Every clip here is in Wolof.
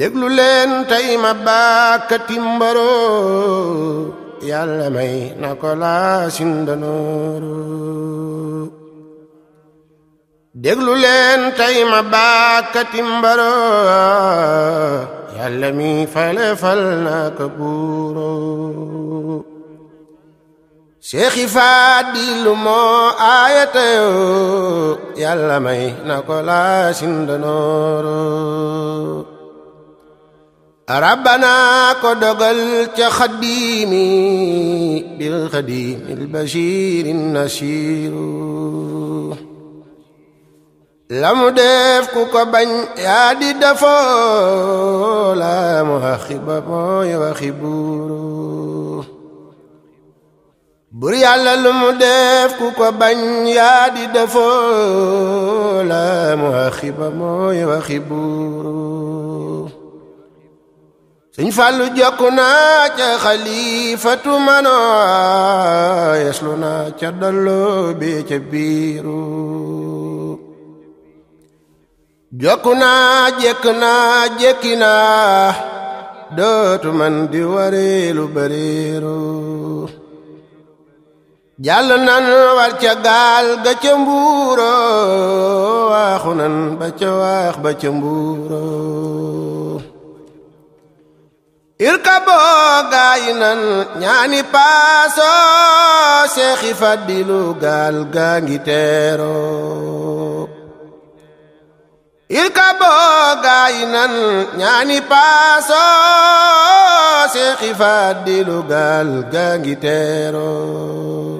déglu leen tey ma baakati mbaroo yàlla may na ko laa sindanooroo déglu leen ma baakati mbaroo yàlla mi fale fal na ko buuroo seexi faadilu moo aayatayoo yàlla may na ko laa sindanooroo rabbana ko dogal ca xaddiimi bil xaddiimi al bashiir in la mu def ku ko bañ yaa di mu haxiba mooy waxi sëñ Fallu jokku naa ca xalifatu manoo yeslu naa ca dollo bi ca biiru jokku naa jekk naa jekki naa dootu di wareelu bareeru jàll nan war ca gaal ca mbuuro waaxu nan ba ca waax ba ca mbuuro irkaboo gaayi nan ñaani paasoo seexi fadilu gaayi nan ñaani paasoo seexi fadilu gaal gaa ngi teeroo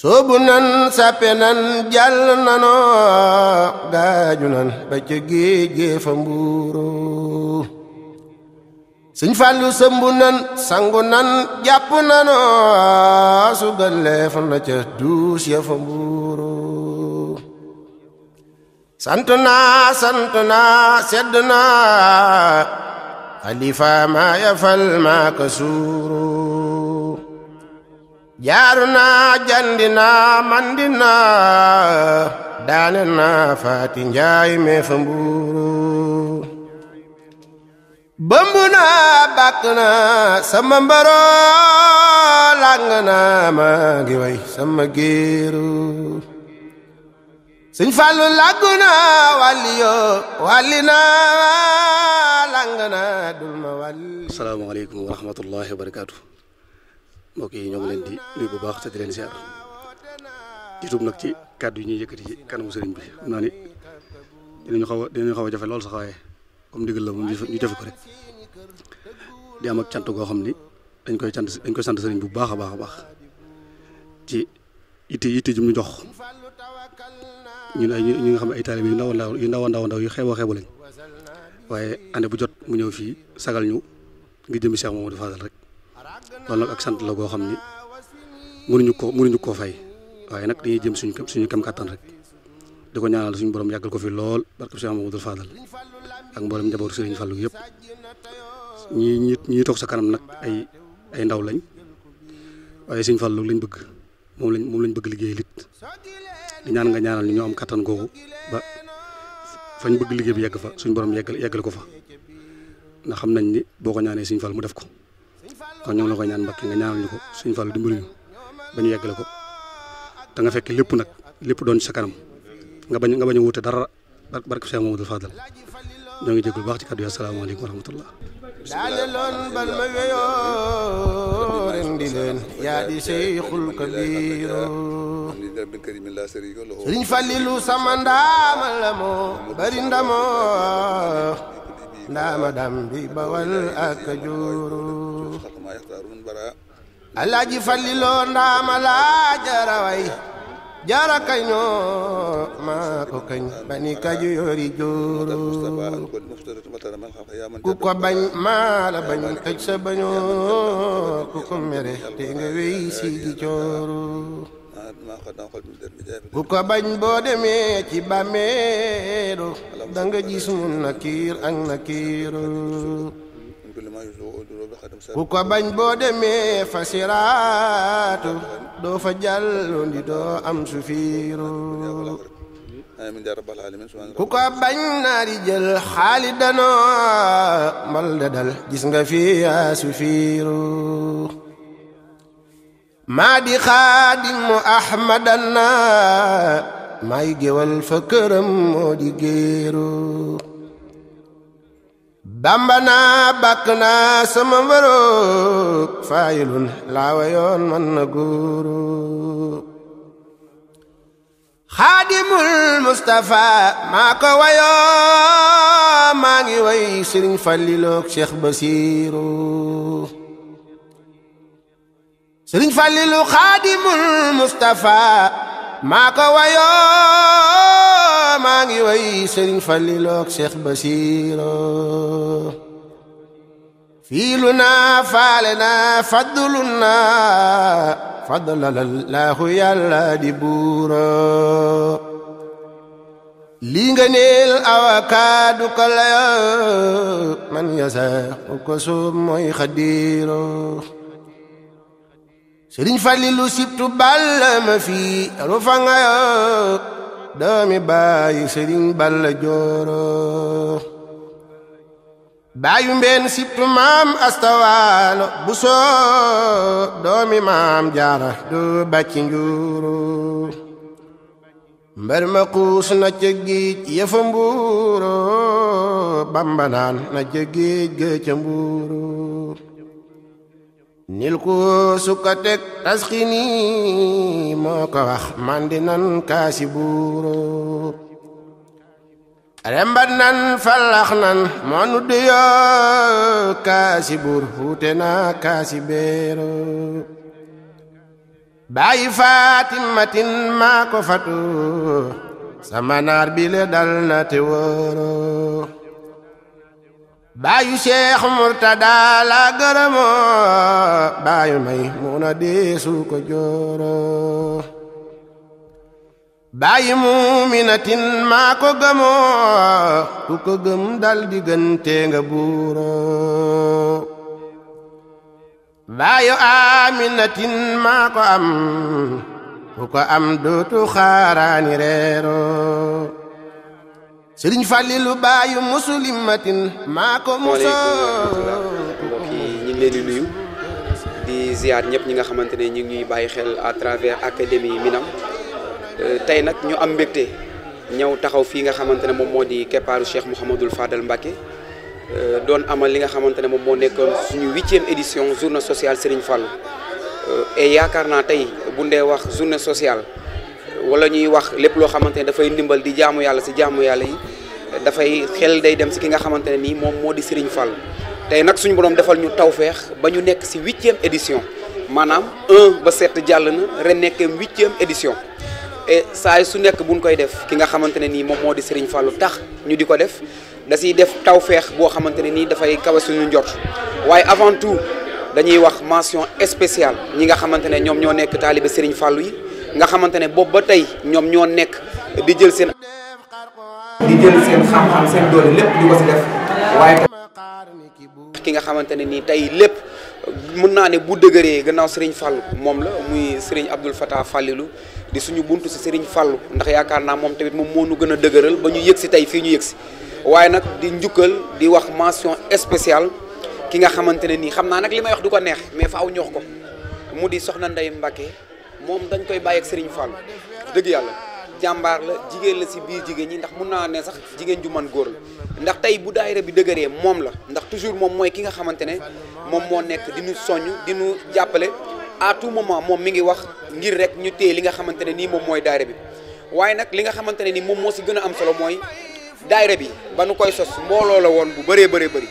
soobu nan sappe nan jàll nanoo gaaju nan ba ca géej fa mbuuroo sëñ Fallu sëmbu nan jàpp nanu sugaleef na ca duus ya fa mbuuru sant naa sant naa sedd naa xalifa maa yafal maa ka suuru jaaru jandi naa mandi naa daane naa faati njaay mee fa mbuuru na bàkk na sama mbaro làng na maa ngi way sama géeru wa barakaatu mbokk yi ñoo leen di nuyu bu te di siyaar di tuub nag ci kàddu yi ñuy yëkkati ci kanamu sëriñ bi xam naa ni dinañu xaw a dinañu xaw a jafe lool comme ndigal la mu ñu defe ko rek di am ak cant goo xam ni dañ koy cant dañ koy sant sëriñ bu baax a baax a baax ci itte itte jum ñu jox ñun ay ñi nga xam ne ay taalibe yu ndaw ndaw yu ndaw ndaw ndaw yu xeebo xeebo lañ waaye année bu jot mu ñëw fii sagal ñu ngir jëmi Cheikh Mamadou Fadal rek loolu nag ak sant la goo xam ni mënuñu koo mënuñu koo fay waaye nag dañuy jëm suñu suñu kam kàttan rek di ko ñaanal suñ borom yàggal ko fi lool barke Cheikh Mamadou Fadal ak mboolem njabootu Serigne Fallou yëpp ñi ñi ñi toog sa kanam nag ay ndaw lañ waaye Serigne Fallou lañ bëgg moom lañ moom lañ bëgg liggéey lit di ñaan nga ñaanal am kattan googu ba fañ bëgg liggéey bi yegg fa suñu borom yeggal yeggal ko fa ndax xam nañ ni boo ko ñaanee Serigne fal mu def ko kon ñoo ngi la koy ñaan Mbàkke nga ñaanal ñu ko Serigne fal dimbali ñu ba ñu yeggale ko da nga fekk lépp nag lépp doon sa kanam. nga bañ nga bañ a wuute dara barke Cheikh Mamadou Fadal ñoo ngi jégul baax ci kàddu yi asalaamaaleykum wa rahmatullah loon bal ma weyoo leen yaa di Kabiru Sëriñ Falilu sama ndaama la moo bari ndamoo ndaama dam bi bawal ak juuru Alaaji Falilu ndaama laa jaraway jaara kañ noo maa ko kañ bani Kajoor yi jóoroo ku ko bañ maa la bañ tëj sa bañoo ku ko mere te nga wéy si ji cooro ko bañ boo demee ci bàmmeeru da nga nakiir ak nakiiru ku ko bañ boo demee fa siraatu doo fa jàll ndi doo am sufiiru ku ko bañ naari jël xaali danoo mbal da nga fi sufiiru maa di xaadimu ahmadan na maay géwal fa këram moo di géeru bamba naa bàkk naa sama mbaroog faayilun laawa yoon man xaadimul mustafa maa ko wayoo maa ngi way sëriñ fàlliloog basiru sëriñ fàllilu xaadimul mustafa maa ko maa ngi way sëriñ Falliloog Cheikh Basiro fiilu naa faale naa faddulu naa faddalalallaahu yàlla di buuro lii nga awakaadu ko layoo man yasax u ko soob mooy xadiiro sëriñ Fallilu sibtu bàll ma fii rufa nga doomi baayu sëriñ Balla Jooro baayu mbeen siptu maam astawaalo bu doomi maam jaara du bàcci njuuru mbër na ca géej yëfa bambanaan na ca géej mbuuru nil ko sukka teg moo ko wax mandi nan kaasi buuro rembat nan fallax nan moo nu duyoo kaasi buur wuute naa kaasi beero bàyyi faatimatin maa ko fatu sama naar bi dal na te wóoro baayu Cheikh Murtada la gërëmoo baayu may mun a deesu ko jooro baayu muuminatin maa ko ku ko gëm dal di gënte nga buuro baayu aaminatin maa am ku ko am dootu xaaraani reero sëriñ Falilu baayu muslimatin maa ko musaleykum mbokk yi ñu ngi leen di nuyu di ziar ñëpp ñi nga xamante ne ñu ngi ñuy bàyyi xel à travers académie Minam euh, tey nag ñu am mbégte ñaw taxaw fii nga xamante ne moom moo di keppaaru Cheikh Mouhamadul Fadal Mbacké euh, doon amal li nga xamante ne moom moo nekkoon suñu huitième édition journée sociale Serigne Fallou e yaakaar naa tey bu ndee wax journée sociale wala ñuy wax lépp loo xamante ne dafay ndimbal di jaamu yàlla si jaamu yàlla yi dafay xel day dem si ki nga xamante ne nii moom moo di Serigne Fall tey nag suñu bu borom defal ñu tawfeex ba ñu nekk si huitième édition maanaam ba sept jàll na ren nekkeem huitième édition et saa su nekk buñ koy def ki nga xamante ne nii moom moo di Serigne Fallou tax ñu di ko def da siy def tawfeex boo xamante ne nii dafay kawe suñu njort waaye avant tout dañuy wax mention spéciale ñi nga xamante ne ñoom ñoo nekk taalibe Serigne Fallou yi nga xamante ne boobu ba tey ñoom ñoo nekk jël seen. jël seen xam ki nga xamante ne nii tey lépp mën naa ne bu dëgëree gannaaw sëriñ Fall moom la muy Serigne Abdoul Fattah Fallilu di suñu bunt si Serigne Fall ndax yaakaar naa moom tamit moom moo nu gën a dëgëral ba ñu yëg si tey fii ñu yëg si waaye nag di njukkal di wax mention spéciale ki nga xamante ne nii xam naa nag li may wax du ko neex mais faaw ñoox ko mu di soxna Ndeye mbakke moom dañ koy bàyyi ak Serigne Fall dëgg yàlla. jàmbaar la jigéen la si biir jigéen ñi ndax mun naa ne sax jigéen ju man góor la ndax tey bu daayira bi dëgëree moom la ndax toujours moom mooy ki nga xamante ne moom moo nekk di ñu soññ di ñu jàppale à tout moment moom mi ngi wax ngir rek ñu téye li nga xamante ne nii moom mooy daayira bi waaye nag li nga xamante ne nii moom moo si gën a am solo mooy daayira bi ba nu koy sos mbooloo la woon bu bëree bëree bëri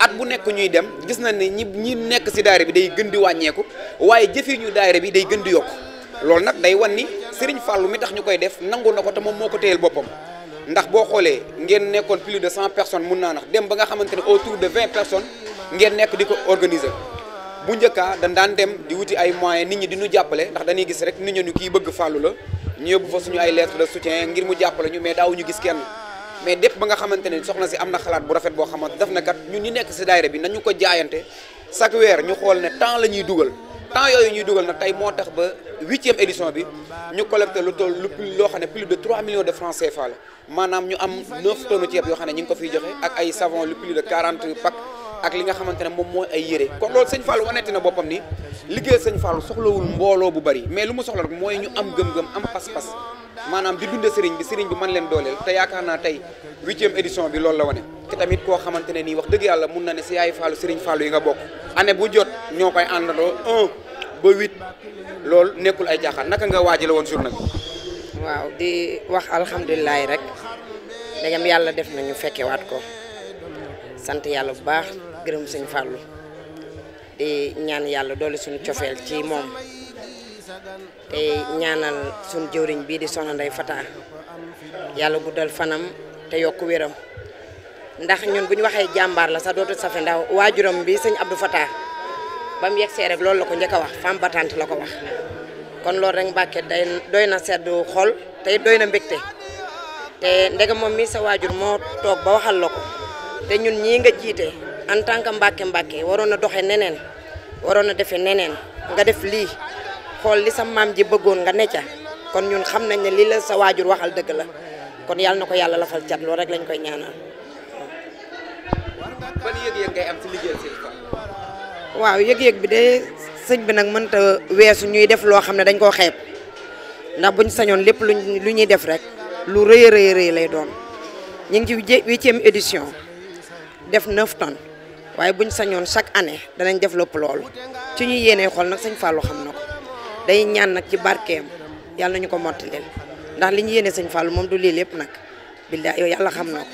at bu nekk ñuy dem gis na ni ñi ñi nekk si daayira bi day gën wàññeeku waaye jëfi ñu bi day gën di yokk Serigne Fallou mi tax ñu koy def nangu na ko te moom moo ko téyel boppam ndax boo xoolee ngeen nekkoon plus de cent personnes mun naa nax dem ba nga xamante ne autour de vingt personnes ngeen nekk di ko organiser bu njëkkaa dañ daan dem di wuti ay moyen nit ñi di ñu jàppale ndax dañuy gis rek nit ñi ñu kii bëgg fàllu la ñu yóbbu fa suñu ay lettre de soutien ngir mu jàppale ñu mais daaw ñu gis kenn mais dépp ba nga xamante ne soxna si am na xalaat bu rafet boo xamante daf na kat ñun ñu nekk si daayira bi nañu ko jaayante chaque weer ñu xool ne temps la ñuy dugal temps yooyu ñuy dugal nag tey moo tax ba huitième édition bi ñu collecté lu toll lu plus loo xam ne plus de 3 millions de francs CFA la maanaam ñu am 9 tonnes ceeb yoo xam ne ñu ko fiy joxe ak ay savon lu plus de 40 pack ak li nga xamante moom mooy ay yére kon loolu sëñ Fallou waneeti na boppam ni liggéey sëñ Fallou soxlawul mbooloo bu bari mais lu mu soxla rek mooy ñu am gëm-gëm am pas-pas maanaam di dunde sëriñ bi sëriñ bi man leen dooleel ba huit loolu nekkul ay caaxaan naka nga waajale woon journée bi. waaw di wax alhamdulilah rek dagam yàlla def na ñu fekkewaat ko sant yàlla bu baax gërëm sëñ Fallou di ñaan yàlla doole suñu cofeel ci moom te ñaanal suñu jëwriñ bii di soxna Ndeye Fata yàlla guddal fanam te yokk wéram ndax ñun bu ñu waxee jàmbaar la sax dootul safe ndax waajuram bi sëñ Abdou Fata ba mu yegsee rek loolu la ko njëkk a wax femme battante la ko wax kon loolu rek Mbàkke day doy na sedd xool tey it doy na mbégte te ndegam moom mi sa waajur moo toog ba waxal la ko te ñun ñii nga jiite en tant que Mbàkke Mbàkke waroon na doxee neneen waroon a defee neneen nga def lii xool li sa maam ji bëggoon nga necca kon ñun xam nañ ne lii la sa waajur waxal dëgg la kon yàlla na ko yàlla lafal cat loolu rek lañ koy ñaanal. waaw yëg-yëg bi de sëñ bi nag mënta weesu ñuy def loo xam ne dañ koo xeeb ndax buñ sañoon lépp lu lu ñuy def rek lu rëy rëy rëy lay doon ñu ngi ci huitième édition def neuf tonnes waaye buñ sañoon chaque année danañ def lopp loolu ci ñuy yéene xool nag sëñ Fallou xam na ko day ñaan nag ci barkeem yàlla nañu ko mottalil ndax li ñu yéene sëñ Fallou moom du lii lépp nag billaay yàlla xam na ko